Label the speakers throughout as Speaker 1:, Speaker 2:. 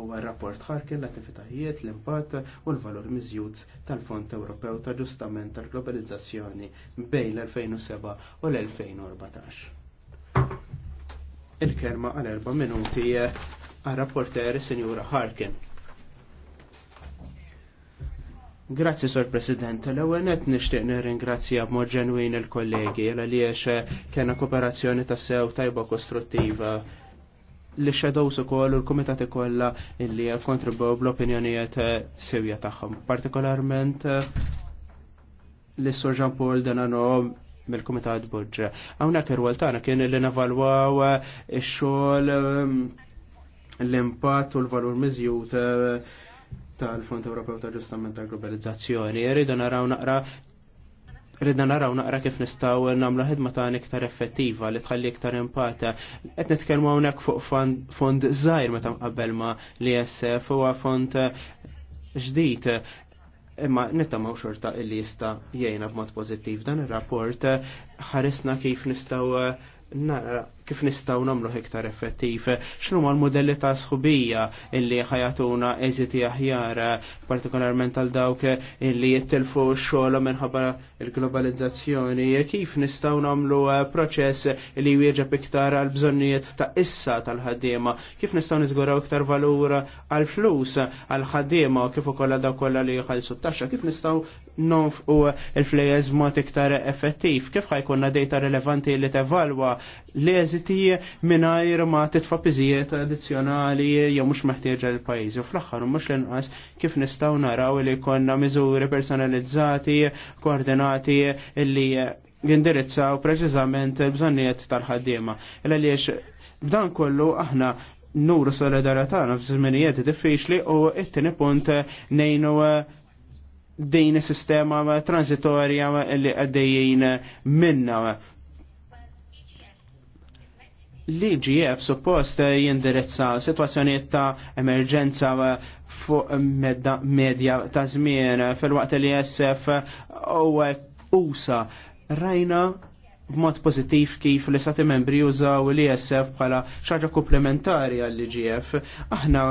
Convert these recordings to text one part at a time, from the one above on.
Speaker 1: huwa rapport ħarki l-attivitajiet, l-impatt u l-valur miżjud tal-Fond Ewropew ta' ġustament tal-globalizzazzjoni bejn l-2007 u l-2014. Il-kelma għal erba' minuti għal rapporter Sinjura Harkin. Grazzi, Sor President. L-ewwel net nixtieq nirringrazzja b'mod ġenwin il-kollegi għaliex kena kooperazzjoni tassew tajba kostruttiva li shadows ukoll u l-kumitat kolla illi kontribu bl-opinjonijiet eh, sewja tagħhom. Partikolarment eh, li Sur Jean Paul Denano mill-Kumitat Budġa. Hawnhekk ir-rwol tagħna kien li navalwaw eh, ix-xogħol l-impatt u l-valur mizjut tal-Fond Ewropew ta' Ġustament tal Globalizzazzjoni. Irridu naraw naqra Ridna naraw naqra kif nistaw namlu ħidma ta' iktar effettiva li tħalli iktar impata. Qed nitkellmu hawnhekk fuq fond żgħir meta mqabbel ma li jessef huwa fond eh, ġdid. Imma nittamaw xorta illi jista' jgħinna b'mod pożittiv dan ir-rapport eh, ħarisna kif nistgħu eh, nara kif nistaw namlu iktar effettiv. X'nu ma l-modelli ta' sħubija illi ħajatuna eżiti aħjar, partikolarment għal dawk illi jittilfu xogħol minħabba il-globalizzazzjoni, kif nistaw namlu eh, proċess li jwieġeb iktar għal bżonnijiet ta' issa tal-ħaddiema, kif nistaw niżguraw iktar valur għal flus għal ħaddiema kif ukoll da' kollha li jħallsu taxxa kif nistaw u il-flejjeż mod iktar effettiv, kif ħajkunna dejta relevanti li tevalwa l depositi minajr ma titfa' piżijiet addizzjonali jew mhux meħtieġa l pajjiżi u fl-aħħar mhux l-inqas kif nistgħu naraw li jkollna miżuri personalizzati, koordinati li jindirizzaw preċiżament il-bżonnijiet tal-ħaddiema. Għaliex b'dan kollu aħna nuru solidarità f'żminijiet diffiċli u it-tieni punt nejnu eh, din sistema transitorja li għaddejjien minna L-IGF suppost jindirizza situazzjoniet ta' emerġenza eh, fuq medja ta' żmien fil-waqt li jessef u eh, usa. Rajna b'mod pozittiv kif li stati membri jużaw l-ISF bħala xaġa komplementari għall-IGF. Aħna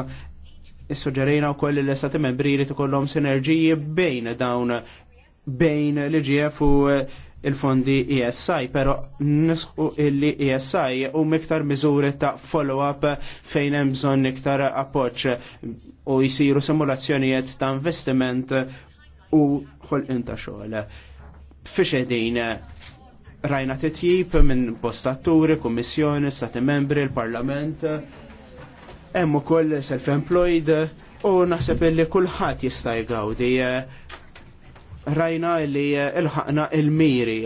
Speaker 1: s-sugġerina u koll l-istati membri li tkollhom sinerġiji bejn dawn bejn l-IGF u eh, il-fondi ESI, pero nisħu illi ESI u miktar miżuri ta' follow-up fejn hemm bżonn iktar appoġġ u jisiru simulazzjonijiet ta' investiment u ħolqien ta' xogħol. Fixedin rajna titjib minn postatturi, kummissjoni, stati membri, il-parlament, hemm ukoll self-employed u naħseb illi kulħadd jista' jgawdi rajna li ilħaqna il-miri.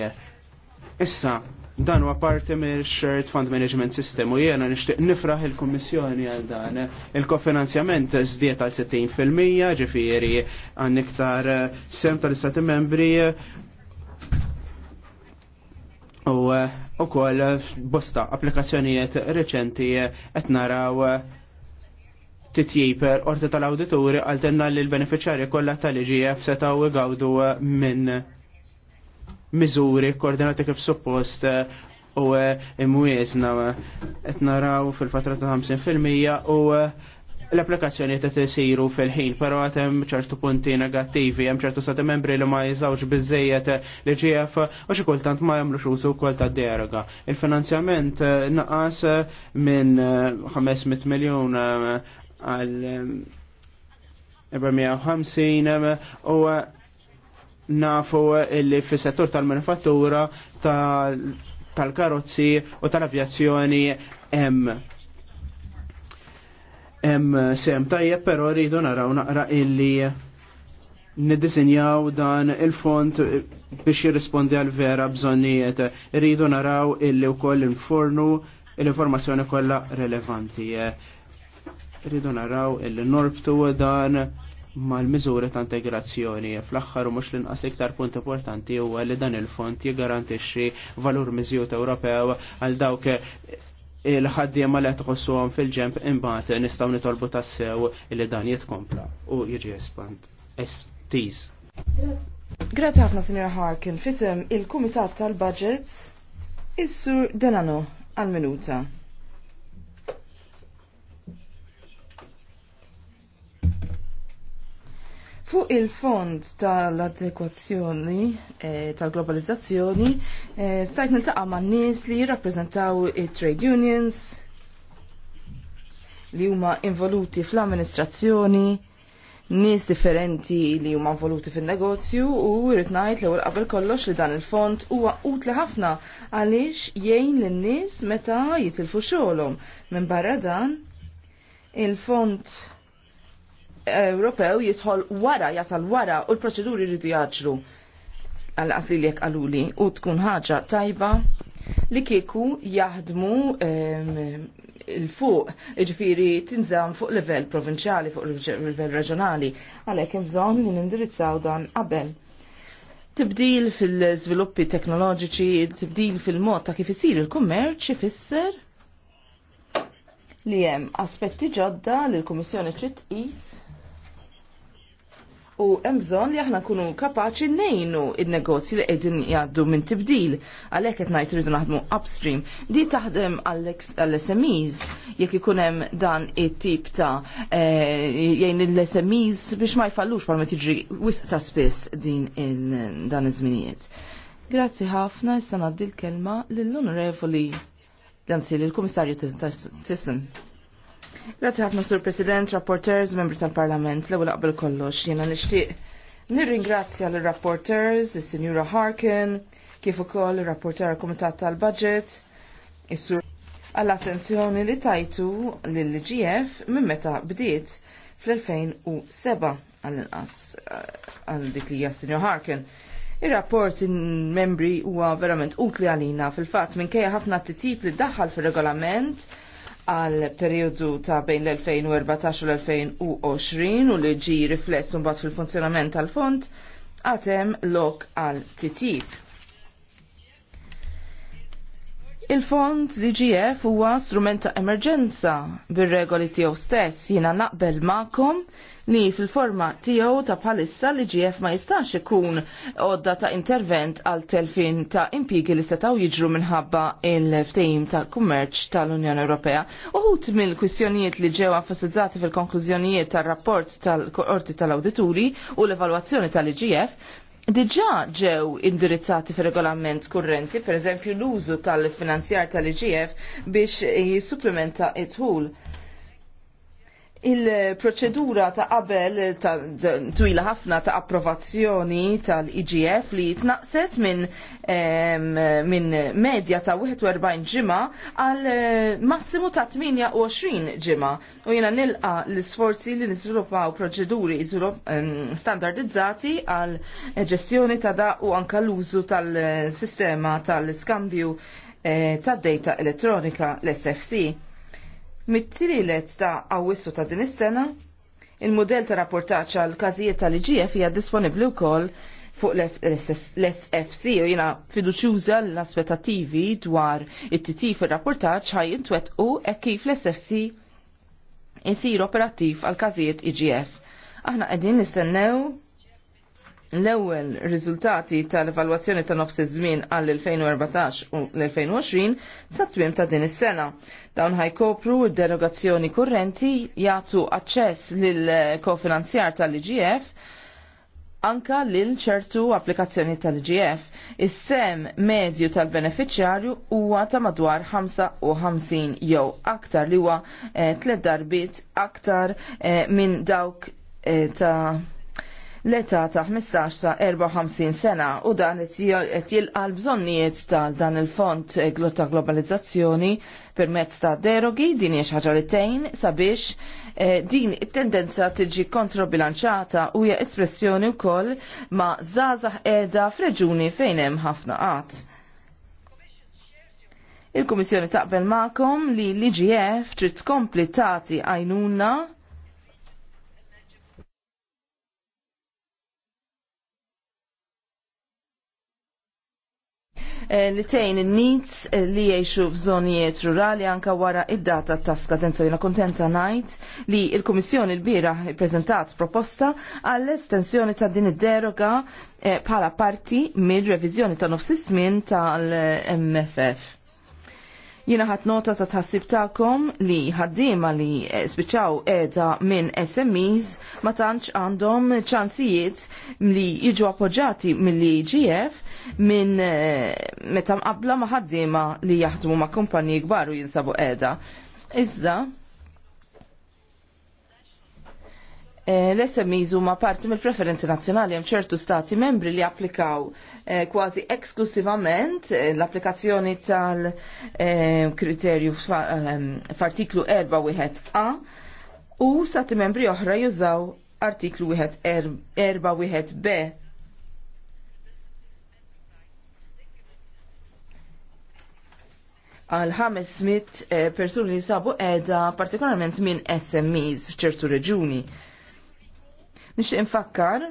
Speaker 1: Issa, dan huwa parti mill shared fund management system u jiena nixtieq nifraħ il-Kummissjoni għal dan. Il-kofinanzjament żdiet għal 60% ġifieri għan iktar sem tal-istati membri u wkoll bosta applikazzjonijiet reċenti qed naraw titjib orta tal-awdituri għaltenna li l-beneficjari kollha tal-IGF setaw għawdu uh, minn miżuri koordinati kif suppost uh, u uh, imwiesna qed naraw fil-fatra ta' 50% u l-applikazzjoni ta' t-siru fil-ħin, pero għatem ċertu punti negattivi, hemm ċertu sati membri li ma jiżawx bizzejiet li ġief u xikultant kultant ma jagħmlux użu wkoll ta' deroga. Il-finanzjament naqas minn 500 miljun għal 450 um, um, u uh, nafu uh, illi fis settur tal-manifattura tal-karozzi u tal-avjazzjoni hemm hemm sem tajjeb però rridu naraw naqra illi niddisinjaw dan il-font biex jirrispondi għal vera bżonnijiet. Rridu naraw illi wkoll infornu l-informazzjoni kollha relevanti. Rridu naraw il-norb norbtu dan mal-miżuri ta' integrazzjoni. Fl-axħar u mux l-inqas iktar punt importanti huwa li dan il-fond jiggarantixxi valur miżjut Ewropew għal dawk il-ħaddiema li tħossuhom fil-ġemp imbagħad nistgħu nitolbu tassew li dan jitkompla u jiġi espand. Estiz.
Speaker 2: Grazie ħafna Sr. Harkin. Fisem il-Kumitat tal-Budget is-Sur għal-Minuta. Fuq il-fond tal-adekwazzjoni eh, tal-globalizzazzjoni, eh, stajt niltaqa' ma' nies li jirrappreżentaw it-trade unions li huma involuti fl-amministrazzjoni, nies differenti li huma involuti fin-negozju u rrid ngħid l-ewwel qabel kollox li dan il-fond huwa utli ħafna għaliex jgħin lin-nies meta jitilfu xogħolhom. Minn barra dan il-fond Ewropew jisħol wara, jasal wara u l-proċeduri rridu jaġru għal-qasli li għaluli u tkun ħaġa tajba li kieku jaħdmu il-fuq, ġifiri tinżam fuq level provinċjali, fuq level reġjonali, għalhekk hemm bżonn li nindirizzaw dan qabel. Tibdil fil-żviluppi teknoloġiċi, tibdil fil-mod ta' kif isir il-kummerċ ifisser li hemm aspetti ġodda li l-Kummissjoni trid tqis u hemm bżonn li aħna nkunu kapaċi nejnu il-negozji li qegħdin jgħaddu minn tibdil. Għalhekk qed ngħid rridu naħdmu upstream. Di taħdem għall-SMEs jekk ikun hemm dan it-tip ta' eh, jgħin l-SMEs biex ma jfallux bħalma tiġri wisq ta' spiss din dan iż-żminijiet. Grazzi ħafna, issa ngħaddi l-kelma lill-Onorevoli Lanzi, l-Kummissarju Tissen. Grazie ħafna Sur President, Rapporteurs, Membri tal-Parlament, l-ewwel qabel kollox jiena nixtieq nirringrazzja l rapporteurs is-Sinjura Harkin, kif ukoll ir rapporteur Kumitat tal-Budget, is-Sur għall-attenzjoni li tajtu lill-GF minn meta bdiet fl-2007 għall-inqas għal dik li hija Sinjur Harkin. Ir-rapport membri huwa verament utli għalina fil-fatt minkejja ħafna t-tip li daħħal fil-regolament għal periodu ta' bejn l-2014 u l-2020 u li ġi riflessu mbagħad fil-funzjonament tal-fond għatem lok għal titjib. Il-fond li igf huwa strument ta' emerġenza bir-regoli tiegħu stess jiena naqbel ma'kom Ni fil-forma tiegħu ta' bħalissa li GF ma jistax ikun odda ta' intervent għal telfin ta' impigi li setgħu jiġru minħabba il-ftehim ta' kummerċ tal-Unjoni Ewropea. Uħut mill-kwistjonijiet li ġew enfasizzati fil-konklużjonijiet tar-rapport tal-Qorti tal-Awdituri u l-evalwazzjoni tal-IGF Diġa ġew indirizzati fir regolament kurrenti, per eżempju l-użu tal-finanzjar tal-IGF biex jissupplementa it-ħul Il-proċedura ta' qabel ta' twila ħafna ta' approvazzjoni tal-IGF li tnaqset minn min medja ta' 41 ġimma għal eh, massimu ta' 28 ġimma. U jena nilqa l-sforzi li nisvilupaw proċeduri standardizzati għal ġestjoni ta' da' u anka l-użu tal-sistema tal-skambju eh, ta' data elettronika l-SFC Mit-tililet ta' għawissu ta' din is-sena, il-modell ta' rapportaċ għal każijiet tal-IGF hija disponibbli wkoll fuq l-SFC u jina fiduċuża l-aspettativi dwar it-titi fil-rapportaċ ħajin intwet u e kif l-SFC jisir operattiv għal każijiet IGF. Aħna qegħdin nistennew L-ewwel riżultati tal-evalwazzjoni ta' nofs iż-żmien għall-2014 u l-2020 sa twiem ta' din is-sena. Dawn ħajkopru d-derogazzjoni kurrenti jagħtu aċċess lil kofinanzjar tal-IGF anka lil ċertu applikazzjoni tal-IGF. Is-sem medju tal-beneficjarju huwa ta' madwar 55 jew aktar li huwa eh, tliet darbiet aktar eh, minn dawk eh, ta' l-età ta' 15 sa' 54 sena u dan qed jilqa' l-bżonnijiet ta' dan il-fond e, ta' globalizzazzjoni permezz ta' derogi din hija ħaġa li tgħin sabiex e, din it-tendenza tiġi kontrobilanċata u hija espressjoni wkoll ma' żgħażagħ qiegħda f'reġuni fejn hemm ħafna qatt. Il-Kummissjoni taqbel ma'kom li l-IGF trid tkompli tagħti għajnuna Eh, li tejn in-nits eh, li jgħixu f'żonijiet rurali anka wara id-data ta' skadenza jina kuntenta ngħid li l-Kummissjoni l-bira prezentat proposta għall-estensjoni ta' din id-deroga eh, bħala parti mill-reviżjoni ta' nofs żmien tal-MFF. Jina ħat nota ta' tħassib ta'kom li ħaddima li spiċaw edha minn SMEs ma tantx għandhom ċansijiet li jiġu appoġġati mill-IGF minn eh, meta mqabla ma ħaddima li jaħdmu ma' kumpanji kbar u jinsabu edha. Iżda, Eh, l-SMEs huma parti mill-preferenzi nazzjonali hemm ċertu stati membri li applikaw eh, kważi eksklusivament eh, l-applikazzjoni tal-kriterju ehm, f'artiklu 4 wieħed A u stati membri oħra jużaw artiklu wieħed 4 er, wieħed B. għal 500 persuni li sabu edha partikolarment minn SMEs f'ċertu reġuni. Nix infakkar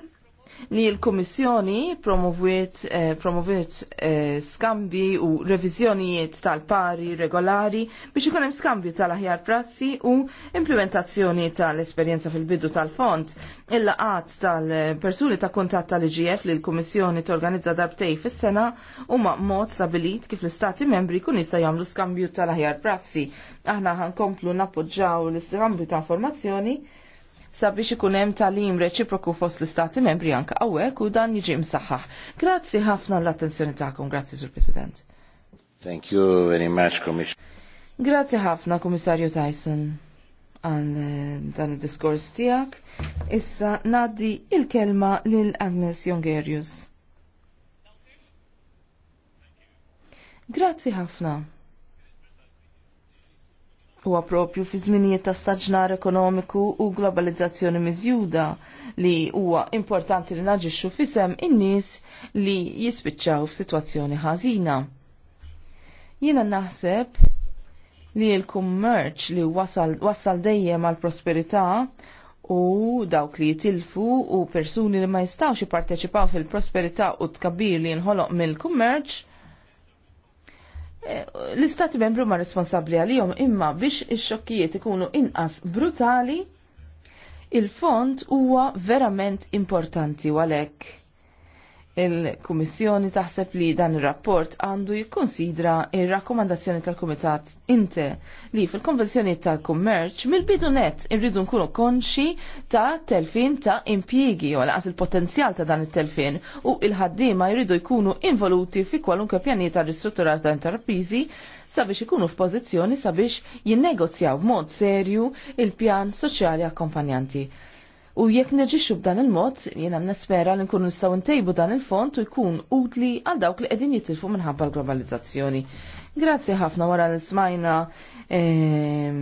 Speaker 2: li l-Komissjoni promoviet, eh, eh, skambi u revizjonijiet tal-pari regolari biex ikun hemm skambju tal-aħjar prassi u implementazzjoni tal-esperjenza fil-bidu tal-font. Il-laqat tal-persuni ta' kuntatt tal-IGF li l-Komissjoni torganizza darbtej fis-sena huma mod stabilit kif l-Istati membri kun jista' jagħmlu skambju tal-aħjar prassi. Aħna ħankomplu nappoġġaw l-istambju ta' informazzjoni sabiex ikun hemm talim reċiproku fost l-istati membri anke hawnhekk u dan jiġi msaħħaħ. Grazzi ħafna l-attenzjoni tagħkom, grazzi Sur President.
Speaker 3: Thank you very much, Commissioner.
Speaker 2: Grazzi ħafna, Kommissarju Tyson, għal eh, dan il diskors tiegħek. Issa ngħaddi il-kelma lil Agnes Jongerius. Grazzi ħafna huwa propju fi żminijiet ta' staġnar ekonomiku u globalizzazzjoni miżjuda li huwa importanti li naġixxu fisem in-nies li jispiċċaw f'sitwazzjoni ħażina. Jiena naħseb li l-kummerċ li wasal, wasal dejjem għal prosperità u dawk li jitilfu u persuni li ma jistawx jipparteċipaw fil-prosperità u tkabbir li nħoloq mill-kummerċ l-istati membru ma responsabli għalihom imma biex ix-xokkijiet ikunu inqas brutali il-fond huwa verament importanti għalek. Il-Kummissjoni taħseb li dan ir-rapport għandu jikkonsidra ir-rakkomandazzjoni tal-Kumitat Inte li fil-Konvenzjoni tal-Kummerċ mill-bidu net irridu nkunu konxi ta' telfin ta' impjiegi u laqas il-potenzjal ta' dan it-telfin u il-ħaddiema jridu jkunu involuti fi kwalunkwe pjanijiet ta' ristrutturar ta' interprizi sabiex ikunu f'pożizzjoni sabiex jinnegozjaw b'mod serju il-pjan soċjali akkompanjanti. U jekk neġixxu b'dan il-mod, jiena nespera li nkunu nistgħu ntejbu dan il-fond u jkun utli għal dawk li qegħdin jitilfu minħabba l-globalizzazzjoni. Grazzi ħafna wara li smajna ehm,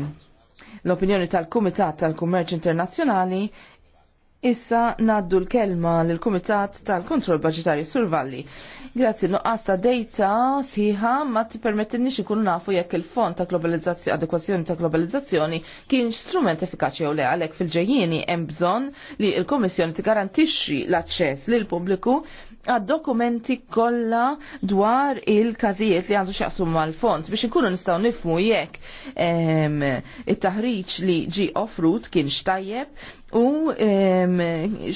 Speaker 2: l-opinjoni tal-Kumitat tal-Kummerċ Internazzjonali Issa naddu l-kelma l-Kumitat tal-Kontroll Baġitarju Survalli. Grazzi, nuqqas ta' data siħa ma t-permettinni ikunu nafu jekk il-fond ta' globalizzazzjoni, adekwazzjoni ta' globalizzazzjoni kien strument effikaċi u le għalek fil-ġejjini hemm bżonn li l-Komissjoni tigarantixxi l-aċċess l pubbliku għad dokumenti kollha dwar il-każijiet li għandu x'jaqsum mal-fond biex inkunu nistgħu nifmu jekk ehm, it-taħriġ li ġi offrut kien xtajjeb u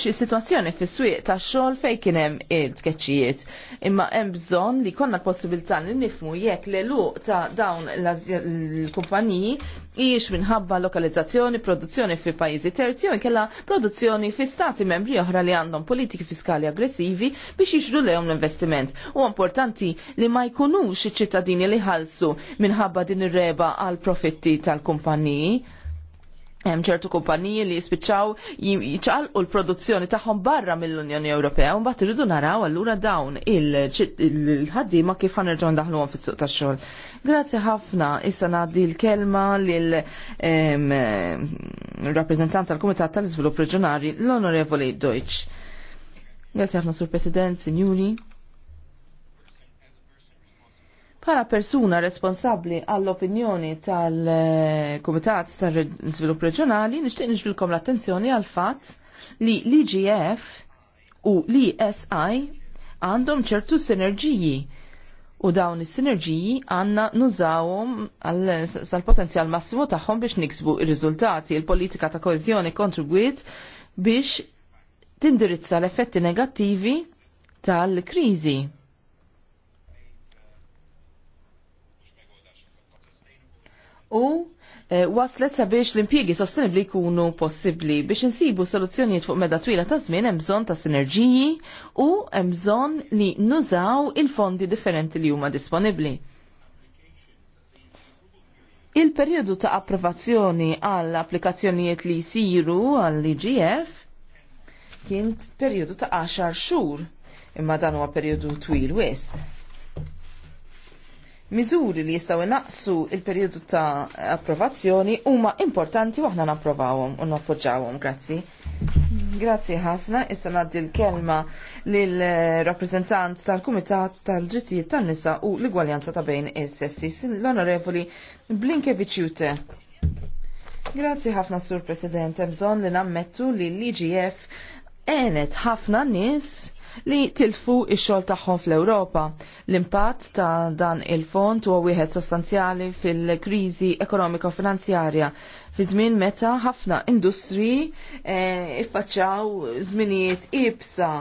Speaker 2: xie situazzjoni fis-swieq tax-xogħol fejn kien hemm il-tkeċċijiet. Imma hemm bżonn li konna l-possibilità li nifmu jekk l luq ta' dawn l-kumpaniji hijiex minħabba lokalizzazzjoni, produzzjoni fi pajjiżi terzi u inkella produzzjoni fi stati membri oħra li għandhom politiki fiskali aggressivi biex jixru lejhom l-investiment. U importanti li ma jkunux iċ-ċittadini li ħalsu minħabba din ir-reba għal profitti tal-kumpaniji hemm ċertu kumpaniji li jispiċċaw jiċċalqu l-produzzjoni tagħhom barra mill-Unjoni Ewropea u mbagħad irridu naraw allura dawn il-ħaddiema kif ħanerġgħu ndaħluhom fis-suq tax-xogħol. Grazzi ħafna, issa ngħaddi l-kelma lil rappreżentant tal-Kumitat tal-Iżvilupp Reġjonali l-Onorevoli Deutsch. Grazzi ħafna Sur President, Sinjuri. Bħala persuna responsabli għall-opinjoni tal-Kumitat tal-Svilupp Reġjonali, nixtieq nixbilkom l-attenzjoni għal fatt li l-IGF u l isi e għandhom ċertu sinerġiji u dawn is-sinerġiji għandna nużawhom sal-potenzjal massimu tagħhom biex niksbu ir-riżultati. Il politika ta' koeżjoni kontribwiet biex tindirizza l-effetti negattivi tal-kriżi u eh, waslet sabiex l impiegi sostenibli jkunu possibbli biex insibu soluzzjonijiet fuq meda twila ta' żmien hemm bżonn ta' sinerġiji u hemm bżonn li nużaw il-fondi differenti li huma disponibbli. Il-perjodu ta' approvazzjoni għall applikazzjonijiet li jsiru għall-IGF kien perjodu ta' 10 xhur imma dan huwa perjodu twil wisq miżuri li jistgħu naqsu il periodu ta' approvazzjoni huma importanti waħna napprovawhom u nappoġġawhom. Grazzi. Grazzi ħafna, issa ngħaddi l-kelma lil rappreżentant tal-Kumitat tal-Drittijiet tan-Nisa u l-Igwaljanza ta' bejn is-sessi, l-Onorevoli Blinkeviċjute. Grazzi ħafna Sur President, hemm bżonn li nammettu li l-IGF għenet ħafna nies li tilfu ix-xogħol tagħhom fl-Ewropa. L-impatt ta' dan il-fond huwa wieħed sostanzjali fil-kriżi u finanzjarja fi żmien meta ħafna industri eh, iffaċċaw żminijiet ibsa.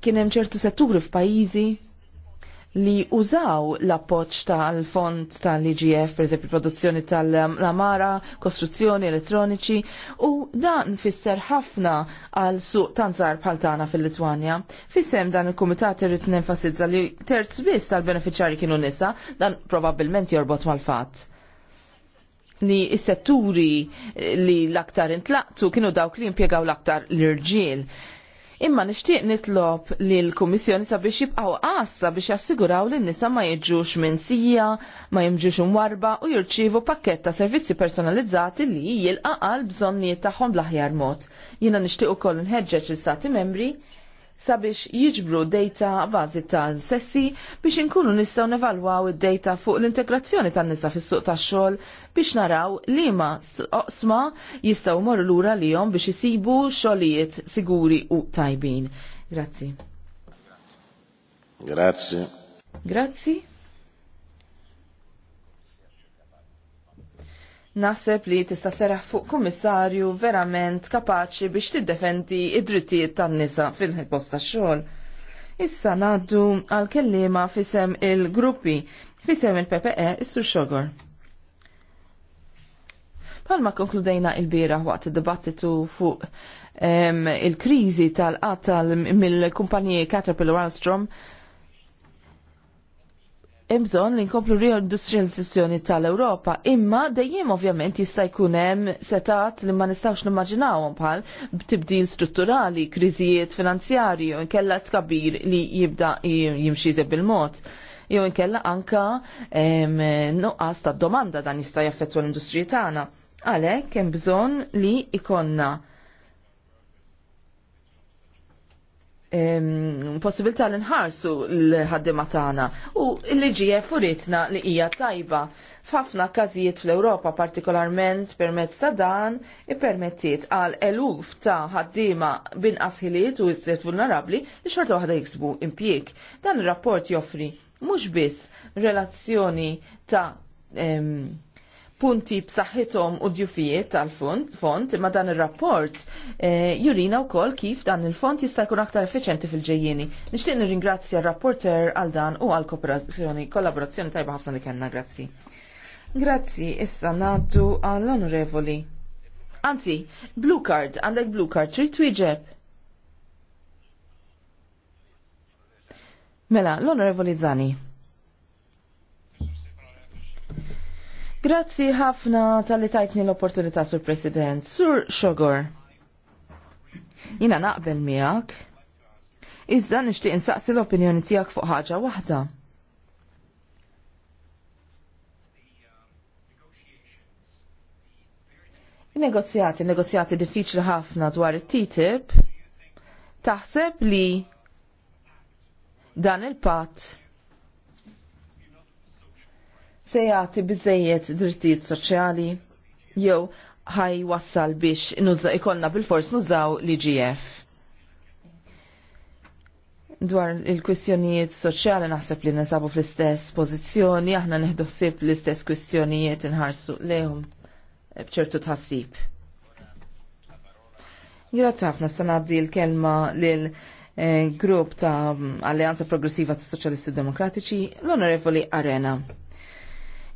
Speaker 2: Kien hemm ċertu setturi f'pajjiżi li użaw l-appoċ tal-fond tal-IGF, per eżempju produzzjoni tal-amara, kostruzzjoni elettroniċi, u dan fisser ħafna għal suq tanzar bħal tagħna fil-Litwanja. Fissem dan il-Kumitat irrid nenfasizza li terz biss tal-beneficjari kienu nisa, dan probabbilment jorbot mal-fatt li s-setturi li l-aktar intlaqtu kienu dawk li impiegaw l-aktar l-irġiel. Imma nixtieq nitlob li l-Kummissjoni sabiex jibqgħu qassa biex jassiguraw li n-nisa ma jiġux sija, ma jimġux warba u jirċievu pakkett ta' servizzi personalizzati li jilqa' għal bżonnijiet tagħhom bl-aħjar mod. Jiena nixtieq ukoll nħeġġeġ l-Stati membri sabiex jiġbru data bażi tal-sessi biex inkunu nistgħu nevalwaw id-data fuq l-integrazzjoni tan-nisa fis-suq tax-xogħol biex naraw li ma oqsma jistgħu morru lura lihom biex isibu xogħlijiet siguri u tajbin. Grazzi. Grazzi. Grazzi. naħseb li tista' sera fuq kummissarju verament kapaċi biex tiddefendi id-drittijiet tan-nisa fil-post tax-xogħol. Issa ngħaddu għal kelliema fisem il-gruppi fisem il-PPE issu xogor. Palma konkludejna il-bira waqt id-dibattitu fuq il-kriżi tal-qatt tal qatt mill kumpaniji Caterpillar Alstrom, imżon li nkomplu reindustrializzazzjoni tal-Europa, imma dejjem ovvjament jista' jkun hemm setat li ma nistgħux nimmaġinawhom bħal tibdil strutturali, kriżijiet finanzjarji u nkella tkabbir li jibda jimxi bil-mod. Jew inkella anka nuqqas ta' domanda dan jista' jaffettwa l-industriji tagħna. Għalhekk hemm bżonn li ikonna possibilità li nħarsu l-ħaddima tagħna u l liġi furitna li hija tajba f'ħafna każijiet fl-Ewropa partikolarment permezz ta' dan ippermettiet għal eluf ta' ħaddiema binqas ħiliet u iżjed vulnerabbli li xorta waħda jiksbu impjieg. Dan ir-rapport joffri mhux biss relazzjoni ta' punti b'saħħithom u djufijiet tal-fond, imma dan ir-rapport jurina eh, jurina wkoll kif dan il-fond jista' jkun aktar effiċenti fil-ġejjieni. Nixtieq nirringrazzja r-rapporter għal dan u għal kooperazzjoni, kollaborazzjoni tajba ħafna li kellna, grazzi. Grazzi, issa ngħaddu għall-onorevoli. Anzi, blue card, għandek blue card, trid twieġeb. Mela, l-onorevoli Zani. Grazzi ħafna tal-li tajtni l-opportunità, Sur President. Sur Xogor. Jina naqbel miegħek. Iżda nixtieq insaqsi l-opinjoni tiegħek fuq ħaġa waħda. Negozjati, negozjati diffiċli ħafna dwar it-TTIP, taħseb li dan il-patt se jagħti biżejjed drittijiet soċjali jew ħaj wassal biex nuzza ikollna bil-fors nużaw l-IGF. Dwar il-kwistjonijiet soċjali naħseb li nisabu fl-istess pożizzjoni, aħna neħdu ħsieb l-istess kwistjonijiet inħarsu lehom bċertu tħassib. Grazzi ħafna sanaddi l-kelma lil eh, grupp ta' Alleanza Progressiva ta' Soċjalisti Demokratiċi, l-Onorevoli Arena.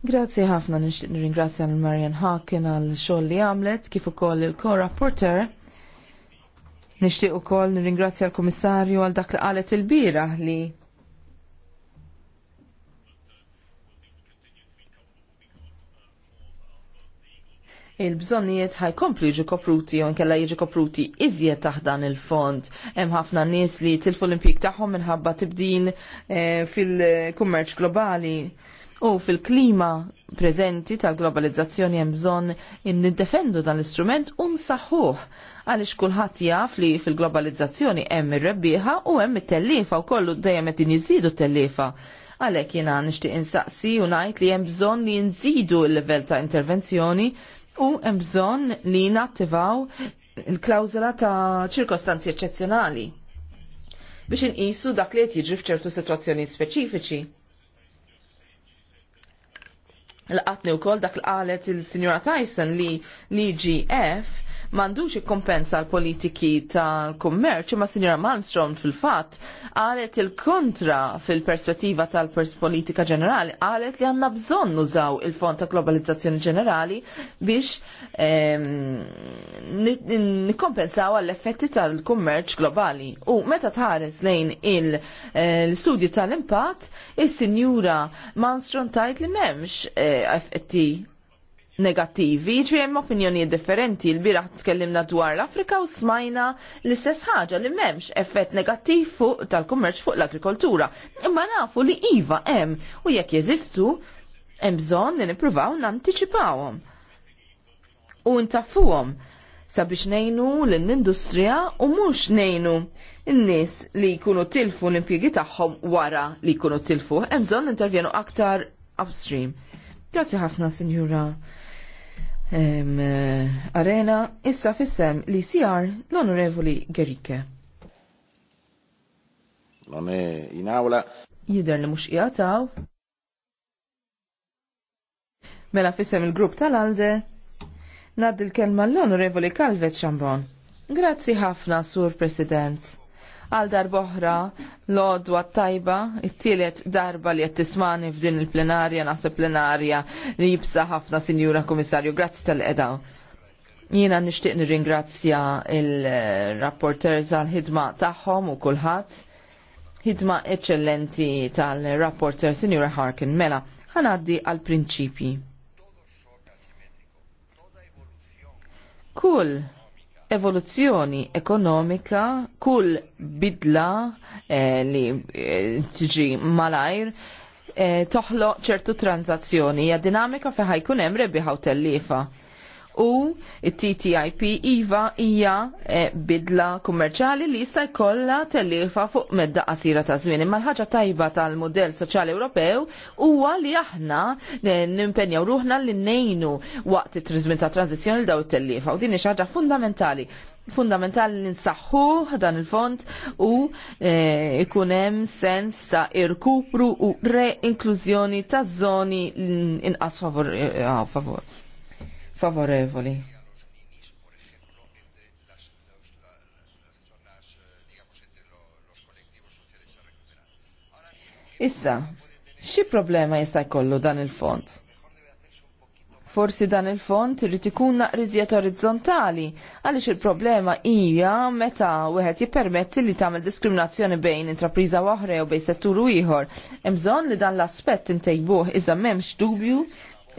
Speaker 2: Grazzi ħafna nixtieq nirringrazzja lil Marian Haken għal xogħol li għamlet kif ukoll il kora rapporter Nixtieq ukoll nirringrazzja l-Kummissarju għal dak li qalet il-bira li il-bżonnijiet ħajkomplu jiġu kopruti u nkella jiġu kopruti iżjed taħt dan il-fond. Hemm ħafna nies li tilfu l-impjik tagħhom minħabba tibdil eh, fil-kummerċ globali U fil-klima preżenti tal-globalizzazzjoni hemm bżonn niddefendu dan l-istrument u nsaħħuh għaliex kulħadd jaf li fil-globalizzazzjoni hemm ir-rebbieħa u hemm it-tellifa u kollu dejjem qed jżidu t-tellifa Għalhekk jiena nixtieq insaqsi u ngħid li hemm bżonn li nżidu l livell ta' intervenzjoni u hemm bżonn li nattivaw il-klawzula ta' ċirkostanzi eccezzjonali biex inqisu dak li qed jiġri f'ċertu sitwazzjonijiet speċifiċi l-qatni u kol dak l-qalet il-Sinjora Tyson li l-IGF m'għandux ikkompensa l-politiki tal-kummerċ, imma Sinjora Malmstrom fil-fatt qalet il-kontra fil-perspettiva tal-politika ġenerali, qalet li għandna bżonn nużaw il-fond ta' globalizzazzjoni ġenerali biex ehm, nikkompensaw għall-effetti tal-kummerċ globali. U meta tħares lejn il-studju eh, tal-impatt, is-Sinjura Malmstrom tajt li m'hemmx eh, effetti negattivi, ġvi hemm opinjoni differenti. l biraħ tkellimna dwar l-Afrika u smajna l-istess ħaġa li m'hemmx effett negattiv fuq tal-kummerċ fuq l-agrikoltura. Imma nafu li iva hemm u jekk jeżistu hemm bżonn li nippruvaw nantiċipawhom u ntaffuhom sabiex nejnu l-industrija u mhux nejnu n-nies li jkunu tilfu l-impjegi tagħhom wara li jkunu tilfu. Hemm bżonn intervjenu aktar upstream. Grazzi ħafna, Sinjura. Eh, Arena, issa fissem li sijar l-Onorevoli Gerike.
Speaker 3: Nome jinawla.
Speaker 2: Jider li mux jgħataw. Mela fissem il-grupp tal-Alde, nad il-kelma l-Onorevoli Calvet Xambon. Grazzi ħafna, Sur President għal darboħra l-odwa tajba, it-tielet darba li tismani f'din il-plenarja, nasa plenarja li jibsa ħafna sinjura komissarju. Grazzi tal qeda Jiena nishtiq nirringrazzja il-rapporters għal-ħidma tagħhom u kulħadd. Ħidma eċċellenti tal-rapporter Sinjura Harkin Mela. Ħanaddi għal-prinċipji. Kull evoluzzjoni ekonomika, kull bidla eh, li eh, tiġi malajr, eh, toħloq ċertu tranzazzjoni, hija dinamika fejn ħajkun hemm rebbieħa u tellifa u ttip IVA hija eh, bidla kummerċali li jista' jkollha tellifa fuq medda qasira ta' żmien. Imma l-ħaġa tajba tal-mudell soċjali Ewropew huwa li aħna nimpenjaw ruħna li nejnu waqt it-triżmin ta' tranzizzjoni daw it-tellifa u din hi ħaġa fundamentali fundamentali li nsaħħu dan il fond u eh, ikun hemm sens ta' irkupru u re-inklużjoni ta' zoni inqas favor. Eh, favorevoli. Issa, xi problema jista' jkollu dan il-font? Forsi dan il-font irid ikun naqriżjed orizzontali għaliex il-problema hija meta wieħed jippermetti li tagħmel diskriminazzjoni bejn intrapriża oħra jew bejn settur ieħor. Hemm bżonn li dan l-aspett intejbuh iżda m'hemmx dubju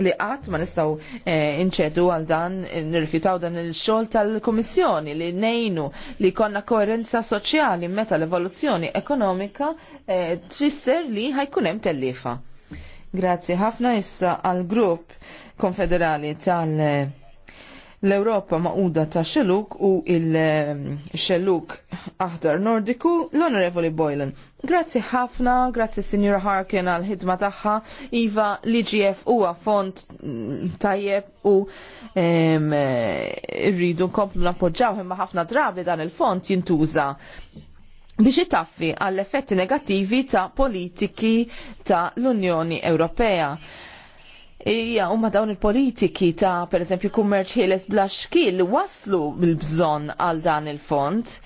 Speaker 2: li qatt ma nistgħu eh, inċedu għal dan nirrifjutaw dan il-xogħol tal-Kummissjoni li nejnu li konna koerenza soċjali meta l-evoluzzjoni ekonomika eh, tfisser li ħajkun hemm tellifa. Grazzi ħafna issa għal grupp konfederali tal- l-Europa maquda ta' xeluk u il-xeluk aħdar nordiku l-Onorevoli Boylan. Grazzi ħafna, grazzi Signora Harkin għal ħidma tagħha. Iva, l-IGF huwa font tajjeb u rridu nkomplu nappoġġaw imma ħafna drabi dan il-font jintuża biex itaffi għall-effetti negattivi ta' politiki ta' l-Unjoni Ewropea Ija, umma dawn il-politiki ta' per eżempju kummerċ ħieles bla waslu bil-bżon għal dan il-font.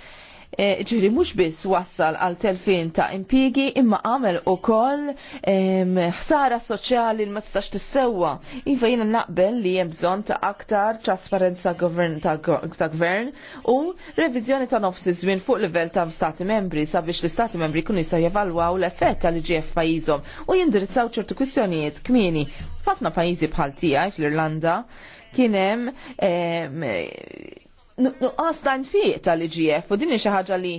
Speaker 2: Eh, ġiri mux biss wassal għal telfin ta' impigi imma għamel u koll ħsara soċjali l-ma t tissewwa. Iva jina naqbel li jemżon ta' aktar trasparenza ta' gvern u revizjoni ta' nofsi żmien fuq livell ta' stati membri sabiex li stati membri kun jistaw jevalwaw l-effett tal-ġef pajizom u jindirizzaw ċertu kwistjonijiet kmini. Ħafna pajizi bħal tijaj fl-Irlanda kienem nuqqas dan fiq tal-IGF u dini xi ħaġa li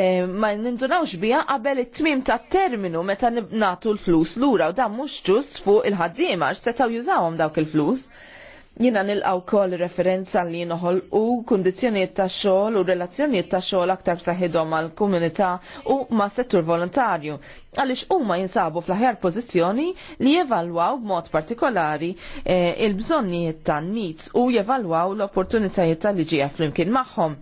Speaker 2: eh, ma nindunawx biha qabel it-tmim tat terminu meta nagħtu l-flus lura u dan mhux ġust fuq il-ħaddiema setaw jużawhom dawk il-flus. il flus Jina nilqaw kol referenza li noħol u kondizjoniet ta' xogħol u relazzjonijiet ta' xogħol aktar b'saħħithom mal komunità u ma' settur volontarju għaliex huma jinsabu fl-aħjar pożizzjoni li jevalwaw b'mod partikolari eh, il-bżonnijiet tan nies u jevalwaw l-opportunitajiet tal-liġija flimkien magħhom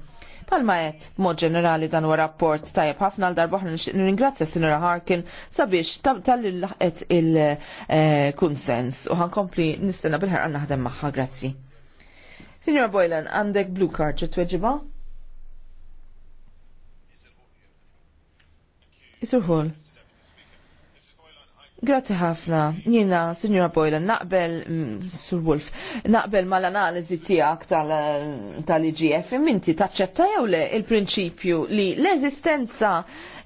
Speaker 2: Palma qed mod ġenerali dan u rapport tajjeb ħafna għal darba ħna nirringrazzja Sinora Harkin sabiex tal-li laħqet il eh, konsens u ħankompli nistenna bil għanna naħdem magħha, grazzi. Sinora Boylan, għandek blue card ġitweġiba? Isur Hall. Grazzi ħafna. Jina, Signora Boylan, naqbel, mm, Sur Wolf, naqbel mal-analizi tijak tal-IGF, tal minti taċċetta jew le il-prinċipju li l-eżistenza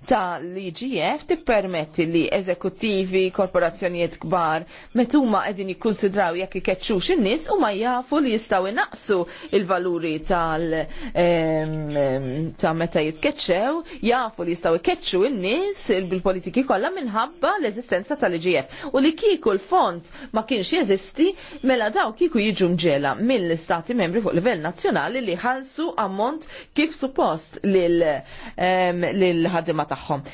Speaker 2: ta' l-IGF tippermetti li eżekutivi korporazzjonijiet kbar, metuma qegħdin jikkonsidraw jekk ikeċċux in-nies u ma jafu li jistgħu inaqsu il-valuri tal ehm, ehm, ta' meta jitkeċċew, jafu li jistgħu ikeċċu in-nies bil-politiki kollha minħabba l-eżistenza tal-IGF. U li kieku l-font ma kienx jeżisti, mela daw kiku jiġu mġela mill-istati membri fuq livell nazzjonali li ħalsu ammont kif suppost lil ehm, ħadimata tagħhom.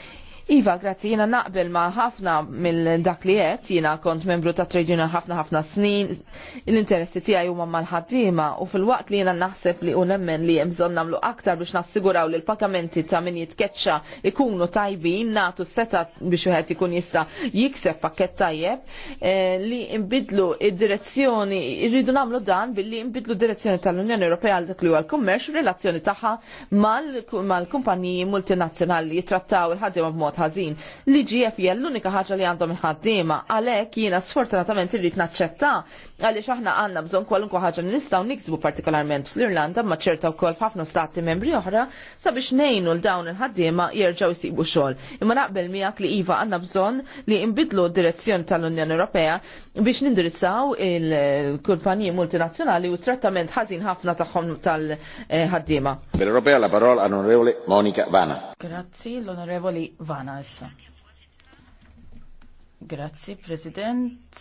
Speaker 2: Iva, grazzi, jina naqbel ma ħafna mill dak li jett, jina kont membru ta' trade union ħafna ħafna snin, l-interessi tiegħi huma mal-ħaddiema u fil-waqt li jina naħseb li unemmen li hemm bżonn nagħmlu aktar biex nassiguraw li l-pagamenti ta' min jitkeċċa ikunu tajbin nagħtu seta biex wieħed ikun jista' jikseb pakkett tajjeb eh, li imbidlu id-direzzjoni, irridu nagħmlu dan billi imbidlu direzzjoni tal-Unjoni Ewropea għal dak li huwa l-kummerċ relazzjoni tagħha mal-kumpaniji multinazzjonali jitrattaw il-ħaddiema b'mod ħażin. L-IGF hija l-unika ħaġa li għandhom il-ħaddiema, għalhekk jiena sfortunatament irrid naċċetta għaliex aħna għandna bżonn kwalunkwe ħaġa li nistgħu niksbu partikolarment fl-Irlanda ma ċerta wkoll f'ħafna stati membri oħra sabiex ngħinu l dawn il-ħaddiema jerġgħu jsibu xogħol. Imma naqbel miegħek li iva għandna bżonn li nbidlu d-direzzjoni tal-Unjoni Ewropea biex nindirizzaw il-kumpaniji multinazzjonali u trattament ħażin ħafna tagħhom tal-ħaddiema.
Speaker 3: Bil-Ewropea la parola onorevoli Monika Vana.
Speaker 4: Grazzi l-onorevoli Vana tagħna issa. Grazzi, President.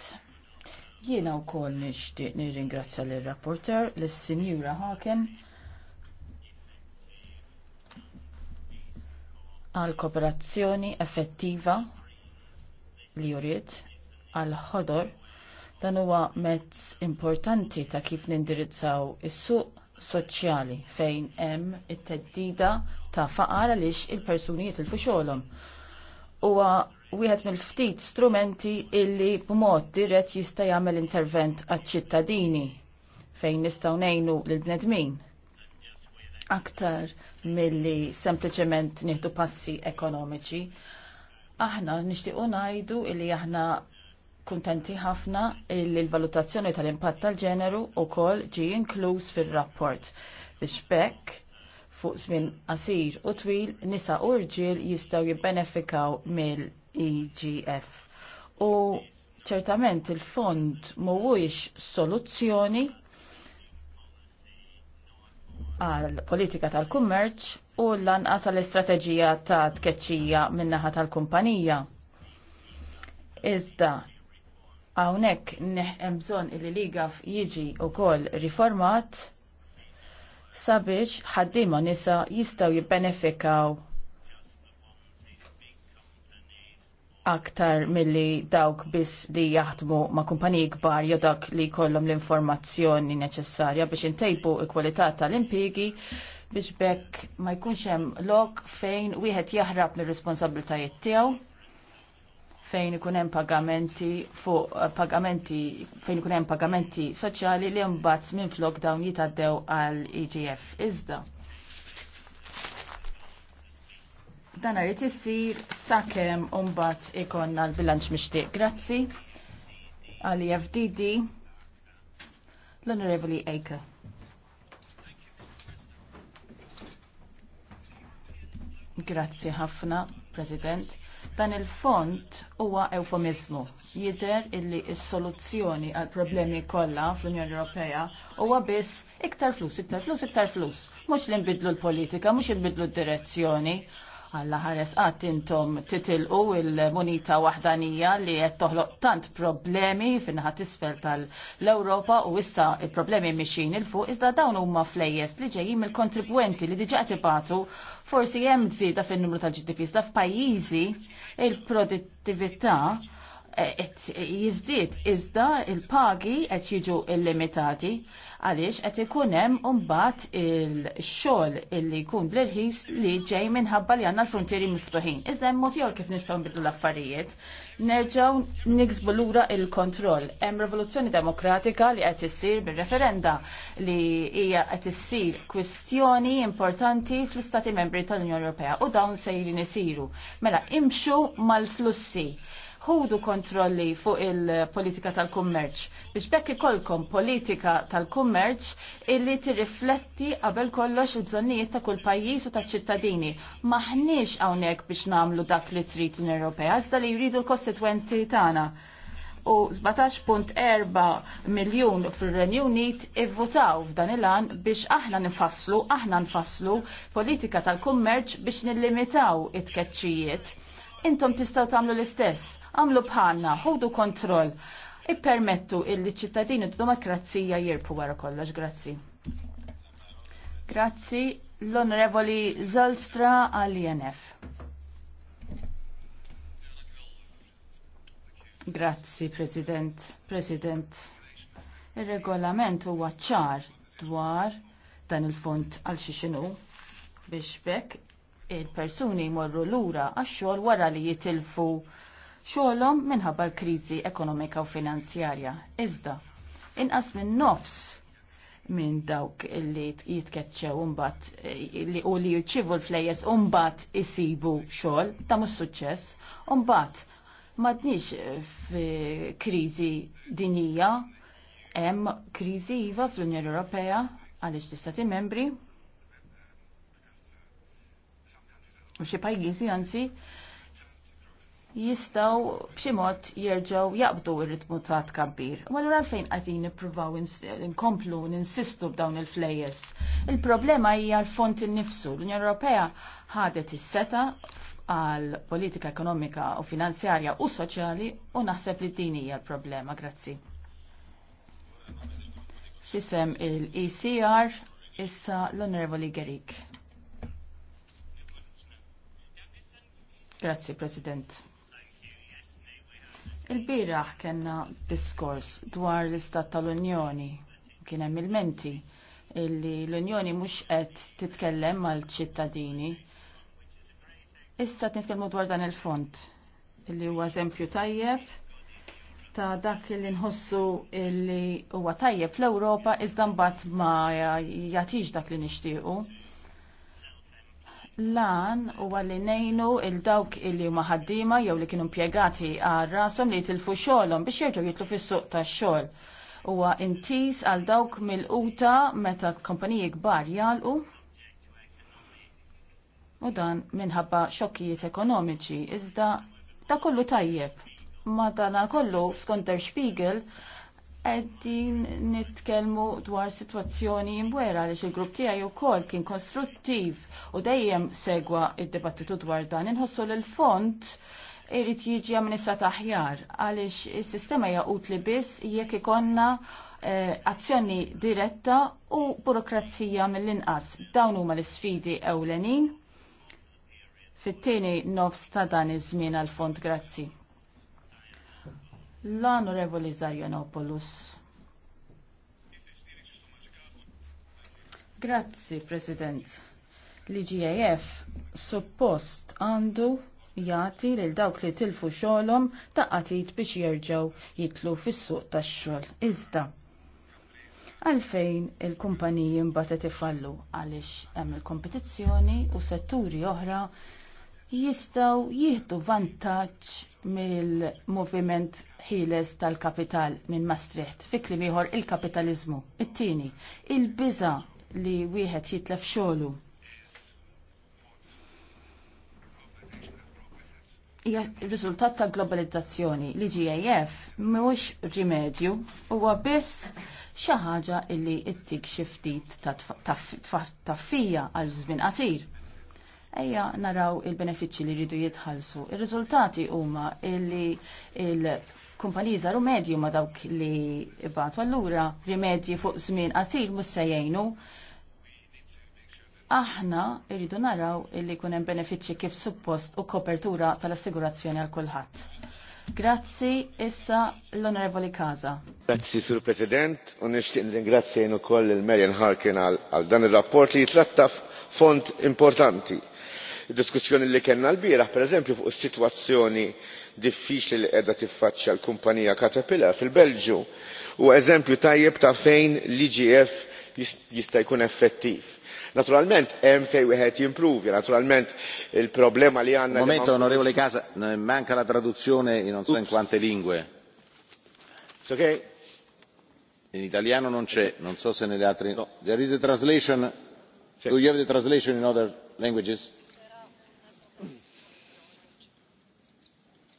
Speaker 4: Jiena wkoll nixtieq nirringrazzja lir-rapporter lis-Sinjura Haken għal kooperazzjoni effettiva li juriet għal ħodor dan huwa mezz importanti ta' kif nindirizzaw is-suq soċjali fejn hemm it-teddida ta' faqar għaliex il-persunijiet il fuxolhom huwa wieħed mill-ftit strumenti illi b'mod dirett jista' jagħmel intervent għaċ-ċittadini fejn nistgħu ngħinu lill-bnedmin aktar milli sempliċement nieħdu passi ekonomiċi. Aħna nixtiequ ngħidu illi aħna kuntenti ħafna illi l-valutazzjoni tal-impatt tal-ġeneru wkoll ġie inkluż fir-rapport biex bekk fuq żmien qasir u twil nisa u rġiel jistgħu jibbenefikaw mill-EGF. U ċertament il-fond mhuwiex soluzzjoni għal politika tal-kummerċ u lanqas għall istrateġija ta' tkeċċija min-naħa tal-kumpanija. Iżda hawnhekk hemm bżonn il-ligaf jiġi wkoll riformat sabiex ħaddiema nisa jistgħu jibbenefikaw aktar milli dawk biss li jaħdmu ma' kumpaniji kbar jew dak li jkollhom l-informazzjoni neċessarja biex intejbu l-kwalità tal-impjiegi biex bekk ma jkunx hemm lok fejn wieħed jaħrab mir-responsabbiltajiet tiegħu fejn ikun hemm pagamenti fuq eh, pagamenti fejn ikun hemm pagamenti soċjali li mbagħad flok dawn jitgħaddew għal IGF. E Iżda. Dan irid issir sakemm mbagħad ikonna l-bilanċ mixtieq. Grazzi għal e FDD l-Onorevoli Aker. Grazzi ħafna. President, dan il-font huwa eufemizmu. Jider illi s-soluzzjoni għal problemi kollha fl-Unjoni Ewropea huwa biss iktar flus, iktar flus, iktar flus. Mhux li nbidlu l-politika, mhux nbidlu d-direzzjoni. Alla ħares qatt intom titilqu il-munita waħdanija li qed toħloq tant problemi fin isfel tal-Ewropa u issa il-problemi mixin il fuq iżda dawn huma flejjes li ġejjin mill-kontribwenti li diġà tibatu forsi hemm żieda fin-numru tal-GDP iżda f'pajjiżi il-produttività qed jiżdied iżda il-pagi qed jiġu illimitati għaliex qed ikun hemm imbagħad il-xogħol illi jkun bl-irħis li ġej minħabba li għandna l-frontieri miftuħin. Iżda hemm mod kif nistaw nbidlu l-affarijiet. Nerġgħu niksbu lura il-kontroll. Hemm rivoluzzjoni demokratika li qed issir bir-referenda li hija qed issir kwistjoni importanti fl-Istati Membri tal-Unjoni Ewropea u dawn sejrin isiru. Mela imxu mal-flussi ħudu kontrolli fuq il-politika tal-kummerċ. Biex bekk ikolkom politika tal-kummerċ illi tirrifletti qabel kollox il-bżonnijiet ta' kull pajjiż u ta' ċittadini. Maħniex hawnhekk biex nagħmlu dak li trid in Ewropea, iżda li jridu l-kostitwenti tagħna. U 17.4 miljun fil-Renju Unit ivvutaw f'dan il-an biex aħna nifasslu, aħna nfasslu politika tal-kummerċ biex nillimitaw it-tkeċċijiet. Intom tistaw tagħmlu l-istess għamlu bħalna, ħudu kontroll, ippermettu illi ċittadini d-demokrazija jirpu wara kollox, grazzi. Grazzi l-Onorevoli Zolstra għal-INF. Grazzi, President. President, il-regolament huwa ċar dwar dan il-fond għal xixinu biex bekk il-persuni jmorru lura għax-xogħol wara li jitilfu xogħolhom minħabba l-kriżi ekonomika u finanzjarja. Iżda, inqas minn nofs minn dawk li jitkeċċew umbat eh, li u li jirċivu l-flejes umbat isibu xol, ta' mhux suċċess, umbat madnix eh, f-krizi dinija, hemm krizi iva fl-Unjoni Ewropea għaliex l-Istati membri u xi pajjiżi anzi jistaw bximot jirġaw jaqbdu il ritmu ta' tkabbir. U għallura fejn għadin nipruvaw nkomplu, ninsistu b'dawn il-flejers. Il-problema hija l fonti innifsu. L-Unjoni Ewropea ħadet is-seta għal politika ekonomika u finanzjarja u soċjali u naħseb li din hija l-problema. Grazzi. Fisem il-ECR issa l-Onorevoli Gerik. Grazzi, President. Il-biraħ kena diskors dwar l-istat tal-Unjoni kien hemm il-menti illi l-Unjoni mhux qed titkellem mal-ċittadini. Issa tinkellmu dwar dan il-font illi huwa eżempju tajjeb ta' dak li nħossu illi huwa tajjeb fl-Ewropa iżda mbagħad ma jagħtix dak li nixtiequ lan u għalli nejnu il-dawk illi li maħaddima jew li kienu impjegati għal rasom li jitilfu xogħolhom biex jerġgħu jitlu fis-suq tax-xogħol. Huwa intis għal dawk mil quta meta kompaniji kbar jalqu u dan minħabba xokkijiet ekonomiċi iżda ta' kollu tajjeb. Ma dan kollu skont Der Spiegel għeddin nitkelmu dwar situazzjoni imwera għaliex il-grupp tiegħi wkoll kien konstruttiv u dejjem segwa id debattitu dwar dan. Inħossu l fond irid jiġi amministrat taħjar għaliex is-sistema jaqut li biss jekk ikonna eh, azzjoni diretta u burokrazija mill-inqas. Dawn huma l-isfidi ewlenin fit-tieni nofs ta' dan iż-żmien għal-fond grazzi l-Onorevoli Zarjanopoulos. Grazzi, President. L-IGAF suppost għandu jagħti lil dawk li tilfu xogħolhom taqatit biex jerġgħu jitlu fis-suq tax-xogħol. Iżda għalfejn il-kumpaniji mbagħad ifallu għaliex hemm il-kompetizzjoni u setturi oħra jistaw jieħdu vantaġġ mill-moviment ħieles tal-kapital minn Maastricht, fikli ieħor il-kapitalizmu. It-tieni, il-biża li wieħed jitlef xogħlu. Hija riżultat ta' globalizzazzjoni li GAF mhuwiex rimedju huwa biss xi ħaġa li ttik xi ftit ta' tfaffija għal żmien qasir Ejja naraw il-benefiċċji li rridu jitħallsu. Ir-riżultati huma illi il-kumpaniji żaru medju ma dawk li bagħtu allura rimedji fuq żmien qasir mhux se jgħinu aħna rridu naraw illi jkun hemm benefiċċji kif suppost u kopertura tal-assigurazzjoni għal kulħadd. Grazzi issa l-Onorevoli Kaza.
Speaker 3: Grazzi Sur President, u nixtieq ringrazzjajn ukoll il-Marian Harkin għal dan ir-rapport li jitratta font importanti id-diskussjoni li kellna lbieraħ pereżempju fuq is-sitwazzjoni diffiċli li qiegħda tiffaċċja l-kumpanija caterpillar fil-belġju huwa eżempju tajjeb ta' fejn l-igf jista' jkun effettiv. Naturalment hemm fejn wieħed jimpruvi, naturalment il-problema li għandna. Momento onorevoli Casa, manka la traduzzjoni in non so in quante lingue. It's okay. In italiano non c'è, non so se nelle altre. No. There is a translation. Do you have the translation in other languages?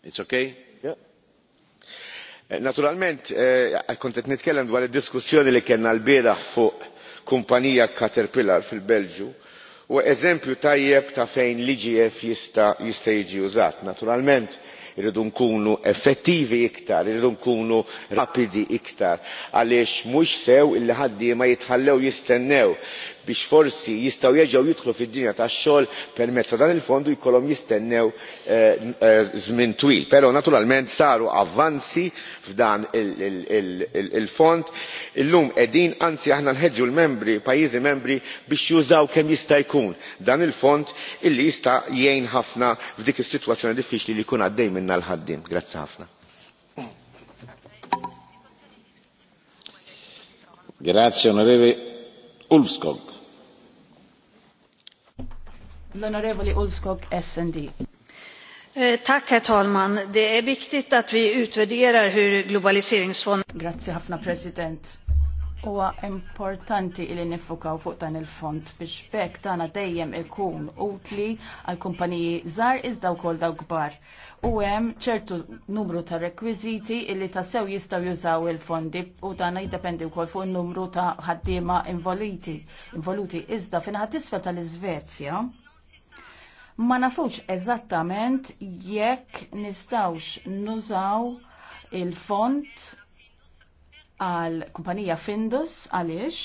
Speaker 3: It's okay? Yeah. Eh, naturalment, eh, kont qed nitkellem dwar id-diskussjoni li kellna l-bieraħ fuq kumpanija Caterpillar fil-Belġju u eżempju tajjeb ta' fejn l-IGF jista' jiġi użat. Naturalment, irridu nkunu effettivi iktar, irridu nkunu rapidi iktar, għaliex mhux sew il ma jitħallew jistennew biex forsi jistgħu jerġgħu jidħlu fid-dinja tax-xogħol permezz ta' dan il-fond u jkollhom jistennew eh, eh, żmien twil. Però naturalment saru avvanzi f'dan il-fond. Illum qegħdin anzi aħna nħeġġu l-membri pajjiżi membri biex jużaw kemm jista' jkun dan il-fond illi jista' jgħin ħafna f'dik is-sitwazzjoni diffiċli li jkun għaddej minnha l-ħaddiem. Grazzi ħafna. Grazie onorevole Ulfskog
Speaker 4: l-Onorevoli Ulskog SND. Eh, tack herr talman. Det är viktigt att vi utvärderar hur globaliseringsfonden... Grazie ħafna president. Huwa importanti li nifukaw fuq dan il-fond biex bekk tagħna dejjem ikun utli għal kumpaniji żgħar iżda wkoll daw kbar. U hemm ċertu numru ta' rekwiżiti li tassew jistgħu jużaw il-fondi u dan jiddependi wkoll fuq in-numru ta' ħaddiema involuti. Involuti iżda fin-ħadd tal-Iżvezja ma nafux eżattament jekk nistawx nużaw il-font għal kumpanija Findus għaliex.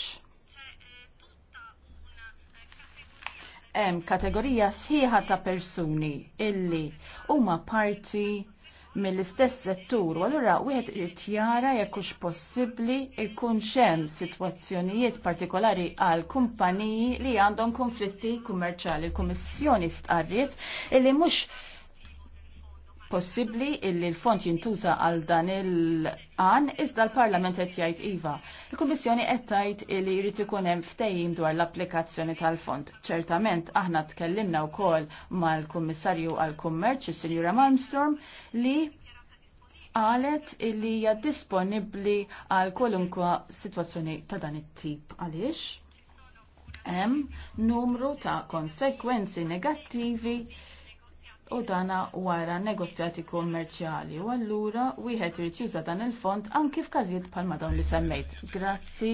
Speaker 4: Hemm kategorija sħiħa ta' persuni illi huma parti mill-istess settur, u allura wieħed irid jara jekk hux possibbli jkun xem sitwazzjonijiet partikolari għal kumpaniji li għandhom konflitti kummerċali. Il-Kummissjoni stqarriet illi mhux possibbli illi l-fond jintuża għal dan il-għan iżda l-Parlament qed jgħid iva. Il-Kummissjoni qed tgħid illi jrid ikun hemm ftehim dwar l-applikazzjoni tal-fond. Ċertament aħna tkellimna wkoll mal-Kummissarju għall-Kummerċ, is-Sinjura Malmstrom, li qalet illi hija disponibbli għal kwalunkwa sitwazzjoni ta' dan it-tip. Għaliex? Hemm numru ta' konsekwenzi negattivi u dana wara negozjati kommerċjali u allura wieħed irid juża dan il-fond anki f'każijiet bħalma dawn li semmejt. Grazzi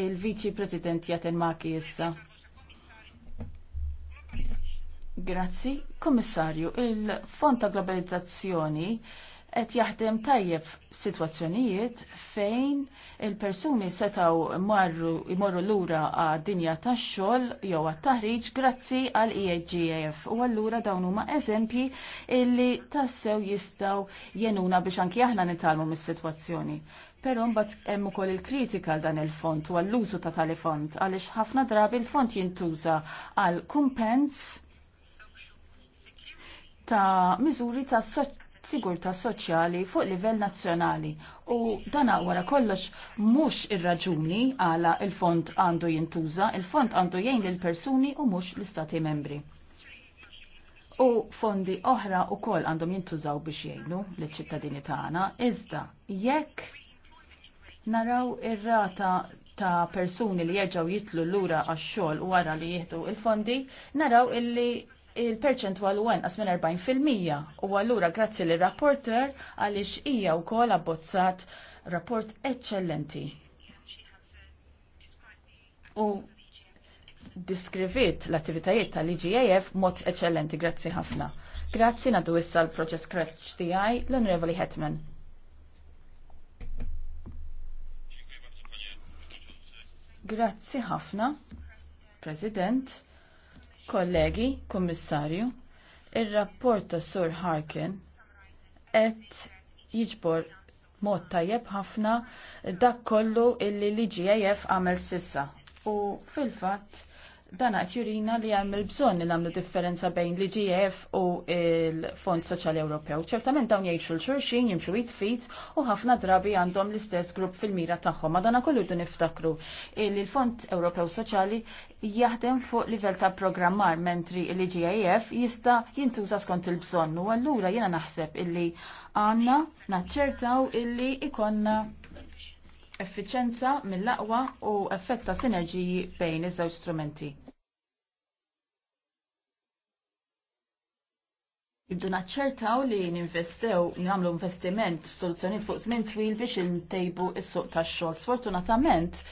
Speaker 4: il-Viċi President Jaten Maki issa. Grazzi, Kommissarju, il-Fond ta' Globalizzazzjoni qed jaħdem tajjeb situazzjonijiet fejn il-persuni setaw marru imorru lura għad dinja tax-xogħol jew għat-taħriġ grazzi għal eagaf u allura dawn huma eżempji illi tassew jistgħu jenuna biex anki aħna nitalmu mis-sitwazzjoni. Però mbagħad hemm ukoll il-kritika għal dan il-font u għall-użu ta' tali font għaliex ħafna drabi il-font jintuża għal kumpens ta' miżuri ta' soċ sigurtà soċjali fuq livell nazzjonali u dan wara kollox mhux ir-raġuni għala il-fond għandu jintuża, il-fond għandu jgħin lil persuni u mhux l-istati membri. U fondi oħra u koll għandhom jintużaw biex jgħinu l-ċittadini tagħna, iżda jekk naraw ir-rata ta' persuni li jeġaw jitlu lura għax-xogħol wara li jieħdu il-fondi, naraw illi il-perċentwal u għanqas minn 40% fil-mija u għallura grazzi li rapporter għalix ija u kol abbozzat rapport eccellenti. U diskrivit l-attivitajiet tal-IGAF mod eccellenti, grazzi ħafna. Grazzi nadu issa l-proċess kreċ tijaj l-Onorevoli Hetman. Grazzi ħafna, President. Kollegi, Kommissarju, il-rapport ta' Sur Harkin qed jiġbor mod tajjeb ħafna dak kollu illi l għamel sissa. U fil-fatt dan għat jurina li għam il-bżon li għamlu differenza bejn l-IGF u il-Fond Soċjali Ewropew. ċertament dawn jgħixu l-xurxin, jimxu jitfit u ħafna drabi għandhom l-istess grupp fil-mira tagħhom. Ma dana kollu niftakru li l-Fond Ewropew Soċjali jaħdem fuq livell ta' programmar mentri l-IGF jista jintuża skont il-bżonn u allura jiena naħseb illi għandna naċċertaw illi ikonna effiċenza mill-aqwa u effett ta' sinerġiji bejn iż-żewġ strumenti. Ibdu naċċertaw li ninvestew, nagħmlu investiment f'soluzzjonijiet fuq żmien twil biex intejbu s-suq tax-xogħol. Sfortunatament,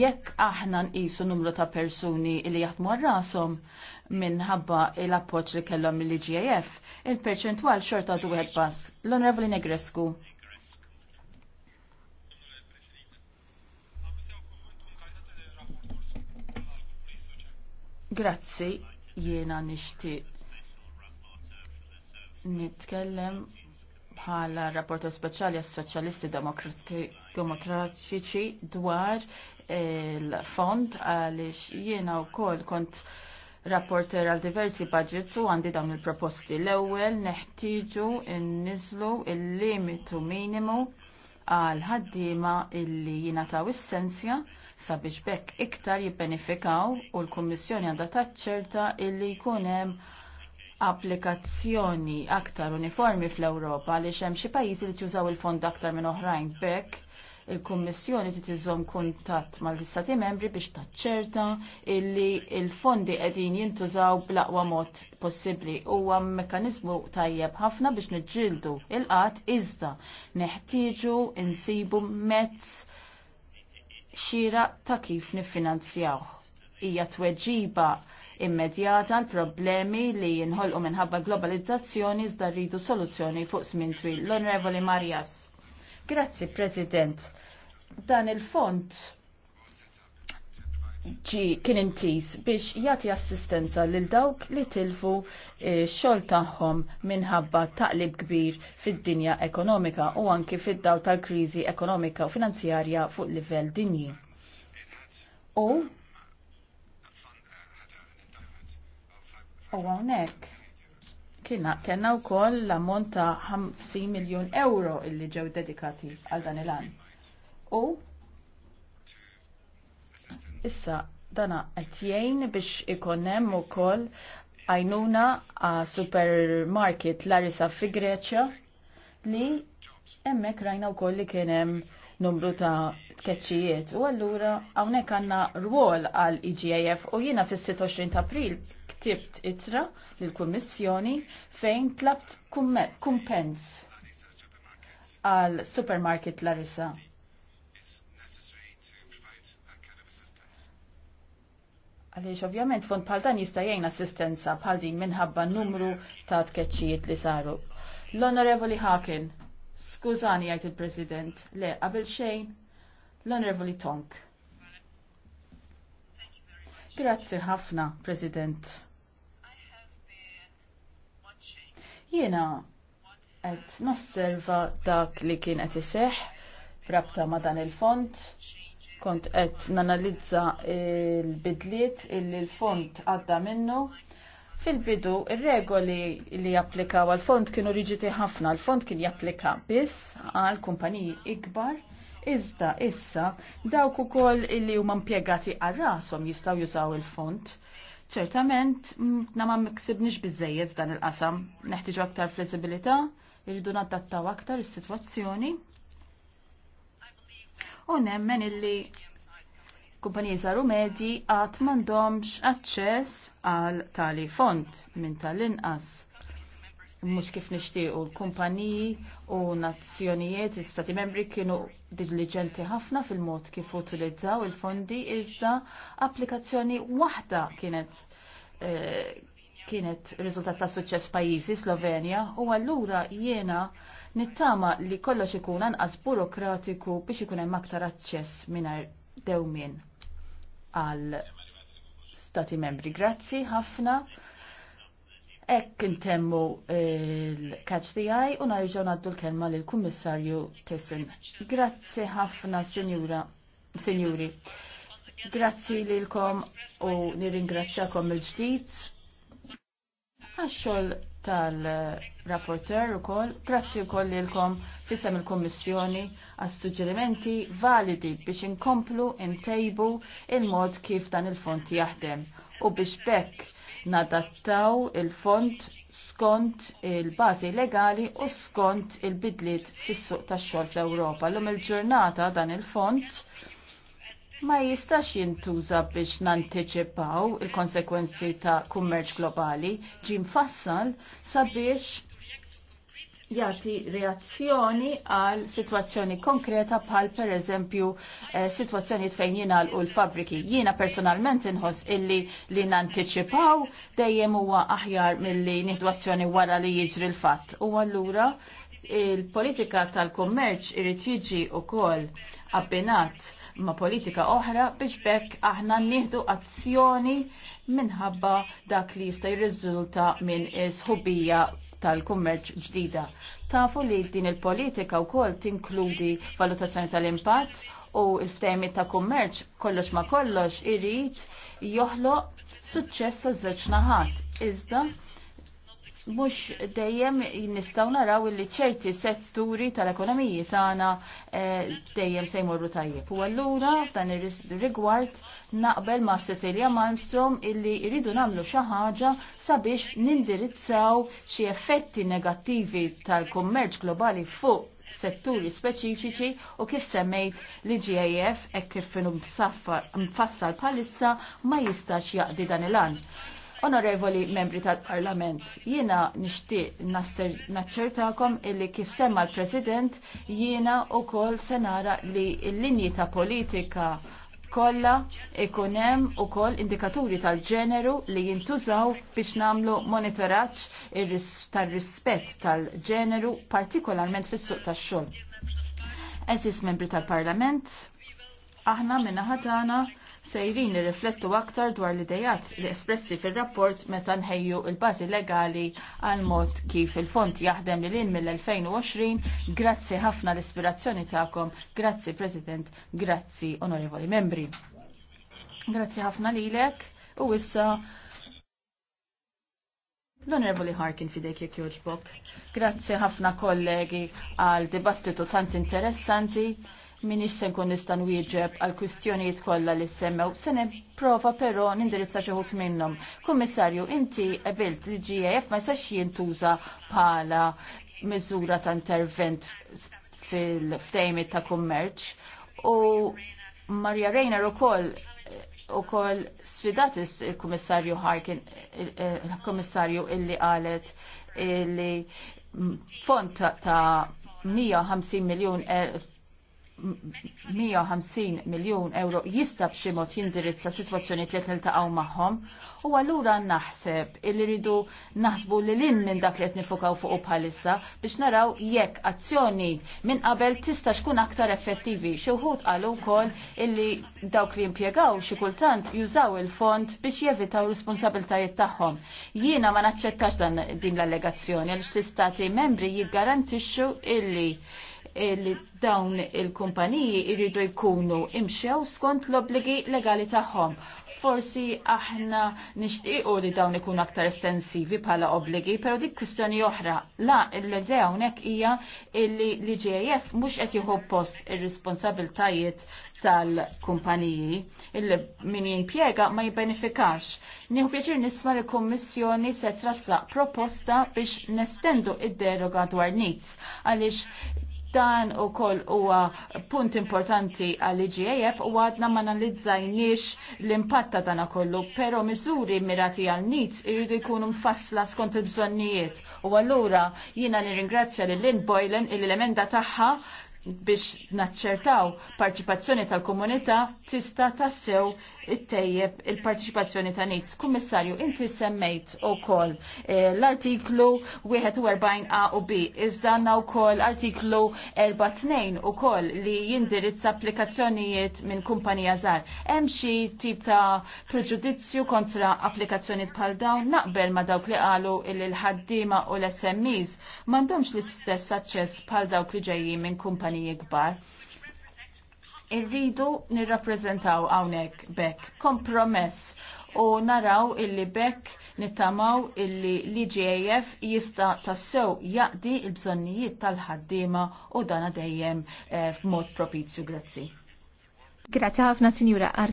Speaker 4: jekk aħna nqisu numru ta' persuni li jaħdmu rashom minħabba l-appoġġ li kellhom mill-IGF, il-perċentwal xorta du wieħed pass. L-Onorevoli Negresku. Grazzi, jiena nixtieq nitkellem bħala rapporta speċjali għas soċjalisti demokratiċi dwar il-fond għaliex jiena wkoll kont rapporter għal diversi budgets u għandi dawn il-proposti. L-ewwel neħtieġu nniżlu il-limitu minimu għal ħaddiema illi jingħataw is-sensja il sabiex bekk iktar jibbenefikaw u l-Kummissjoni għandha taċċerta illi jkun hemm applikazzjoni aktar uniformi fl-Ewropa għaliex hemm xi pajjiżi li tużaw il-fond aktar minn oħrajn bekk il-Kummissjoni titiżom kuntatt mal-Istati membri biex taċċerta illi il-fondi qegħdin jintużaw bl-aqwa mod possibbli. Huwa mekkaniżmu tajjeb ħafna biex niġġieldu il-qatt iżda neħtieġu insibu mezz xira ta' kif niffinanzjawh. Hija tweġiba immedjata għal problemi li jinħolqu minħabba globalizzazzjoni iżda rridu soluzzjoni fuq żmien twil. L-Onorevoli Marjas. Grazzi, President. Dan il-fond ġi kien intis biex jagħti assistenza lil dawk li tilfu x-xogħol eh, tagħhom minħabba taqlib kbir fid-dinja ekonomika u anki fid-daw tal-kriżi ekonomika u finanzjarja fuq livell dinji. U u hawnhekk kienna kellna wkoll l-ammont ta' 50 miljun euro illi ġew dedikati għal dan il-għan. U Issa dana qed jgħin biex ikun hemm ukoll għajnuna għal supermarket Larisa fi Greċja li hemmhekk rajna wkoll li kien hemm numru ta' tkeċċijiet. U allura hawnhekk għandna rwol għal IGAF e u jiena fis-26 ta' April ktibt itra lill-Kummissjoni fejn tlabt kumpens għal supermarket Larisa Għaliex ovvjament fond bħal dan jista' jgħin assistenza bħal din minħabba numru ta' tkeċċijiet li saru. L-Onorevoli Hakin, skużani jgħid il-President, le qabel xejn, l-Onorevoli Tonk. Grazzi ħafna, President. Jiena qed nosserva dak li kien qed iseħħ rabta ma' dan il fond kont qed nanalizza l-bidliet illi l-fond għadda minnu. Fil-bidu, ir-regoli li japplikaw għal-fond kienu riġiti ħafna, l-fond kien japplika biss għal kumpaniji ikbar, iżda issa dawk ukoll li huma impjegati għal rashom jistgħu jużaw il-fond. Ċertament, mm, na ma miksibniex biżejjed f'dan il-qasam. Neħtiġu aktar flessibilità, irridu nadattaw aktar is-sitwazzjoni u nemmen illi kumpaniji żaru medji għat mandomx aċċess għal tali font minn tal-inqas. Mhux kif nixtiequ l-kumpaniji u nazzjonijiet Stati membri kienu diligenti ħafna fil-mod kif utilizzaw il-fondi iżda applikazzjoni waħda kienet eh, kienet riżultat ta' suċċess pajjiżi Slovenja u allura jiena Nittama li kollox ikun anqas burokratiku biex ikun hemm aktar aċċess mingħajr dewmien għal stati membri. Grazzi ħafna. Ekk intemmu il the eye u narġaw naddu l-kelma l-Kummissarju Tessin. Grazzi ħafna, signora, signori. Grazzi lilkom u nirringrazzjakom il-ġdid għaxxol tal- rapporter ukoll, grazzi wkoll lilkom fissem il-Kommissjoni għas suġġerimenti validi biex inkomplu intejbu il-mod kif dan il-font jaħdem u biex bekk nadattaw il-font skont il-bażi legali u skont il-bidliet fis-suq tax-xogħol fl-Ewropa. Llum il-ġurnata dan il-font ma jistax jintuża biex nantiċipaw il-konsekwenzi ta' kummerċ globali ġim mfassal sabiex Jati reazzjoni għal sitwazzjoni konkreta bħal pereżempju eh, sitwazzjonijiet fejn jingħalqu l-fabriki. Jiena personalment inħoss illi li nanticipaw dejjem huwa aħjar milli nieħdu azzjoni wara li jiġri l-fatt. U allura il-politika tal-kummerċ irid jiġi wkoll abbinat ma' politika oħra biex bekk aħna nieħdu azzjoni minħabba dak li jista' jirriżulta minn sħubija tal-kummerċ ġdida. Tafu li din il-politika wkoll tinkludi valutazzjoni tal-impatt u l-ftehmi ta' kummerċ kollox ma kollox irid joħloq suċċess taż żewġ naħat. Iżda mux dejjem nistaw naraw illi ċerti setturi tal-ekonomiji tagħna eh, dejjem se jmorru tajjeb. U allura f'dan ir-rigward naqbel ma' Cecilia Malmstrom illi jridu nagħmlu xi ħaġa sabiex nindirizzaw xi effetti negattivi tal-kummerċ globali fuq setturi speċifiċi u kif semmejt li GAF hekk kif finu mfassal palissa ma jistax jaqdi dan il-an. Onorevoli membri tal-Parlament, jiena nixtieq naċċertakom illi kif semma l-President jiena wkoll se nara li l-linji ta' politika kollha ikun hemm ukoll indikaturi tal-ġeneru li jintużaw biex nagħmlu monitoraġġ tar-rispett tal-ġeneru partikolarment fis-suq tax-xogħol. Eżis membri tal-Parlament, aħna minna ħatana sejrin nirriflettu aktar dwar l-idejat li espressi fil-rapport meta nħejju il-bażi legali għal mod kif il-fond jaħdem li lin mill-2020. Grazzi ħafna l-ispirazzjoni tagħkom, grazzi President, grazzi onorevoli membri. Grazzi ħafna lilek u issa L-Onorevoli Harkin fidejk jek joġbok. Grazzi ħafna kollegi għal dibattitu tant interessanti minix se nkun nista' nwieġeb għal kwistjonijiet kollha li semmew, se nipprova però nindirizza xi ħut minnhom. Kummissarju, inti qabilt li GAF ma jistax jintuża bħala miżura ta' intervent fil ftejmi ta' kummerċ u Marja Reiner ukoll ukoll sfidat il-Kummissarju Harkin, il-Kummissarju illi qalet illi font ta' 150 miljon 150 miljon euro jista' b'xi mod jindirizza sitwazzjonijiet li qed niltaqgħu magħhom u allura naħseb illi rridu naħsbu li lin minn dak li qed nifukaw fuq bħalissa biex naraw jekk azzjoni minn qabel tista' tkun aktar effettivi. Xi wħud qalu wkoll illi dawk li impjegaw xi kultant jużaw il-fond biex jevitaw responsabiltajiet tagħhom. Jiena ma naċċettax dan din l-allegazzjoni għaliex l-istati membri jiggarantixxu illi li dawn il-kumpaniji irridu jkunu imxew skont l-obligi legali tagħhom. Forsi aħna nixtiequ li dawn ikunu aktar estensivi bħala obligi, pero dik kwistjoni oħra. La, l-idea hawnhekk hija li l-IGF mhux qed jieħu post ir-responsabiltajiet tal-kumpaniji illi min jimpjega ma jibbenefikax. Nieħu pjaċir nisma li kummissjoni se trassaq proposta biex nestendu id-deroga dwar nits għaliex Dan u koll huwa punt importanti għal igaf u għadna ma analizzajniex l-impatta dana kollu, pero miżuri mirati għal nit irridu jkunu mfassla skont il-bżonnijiet. U għallura jina nirringrazzja l-Lynn Boylan il-elementa taħħa biex naċċertaw parċipazzjoni tal-komunità tista' tassew It-tejjeb il-partiċipazzjoni ta' nits. Kummissarju, inti semmejt eh, u kol l-artiklu 41a u b, iżdanna u koll artiklu 42 u kol li jindirizza applikazzjonijiet minn kumpanija zar. Hemm xi tip ta' preġudizzju kontra applikazzjonijiet bħal dawn naqbel ma' dawk li qalu il-ħaddima u l-SMEs m'għandhomx l-istess aċċess bħal dawk li ġejjin minn kumpaniji kbar irridu nirrappreżentaw hawnhekk bekk kompromess u naraw illi bekk nittamaw illi l-IGAF jista tassew jaqdi il-bżonnijiet tal-ħaddima u dana dejjem eh, f'mod propizju. Grazzi. Grazzi ħafna, Sinjura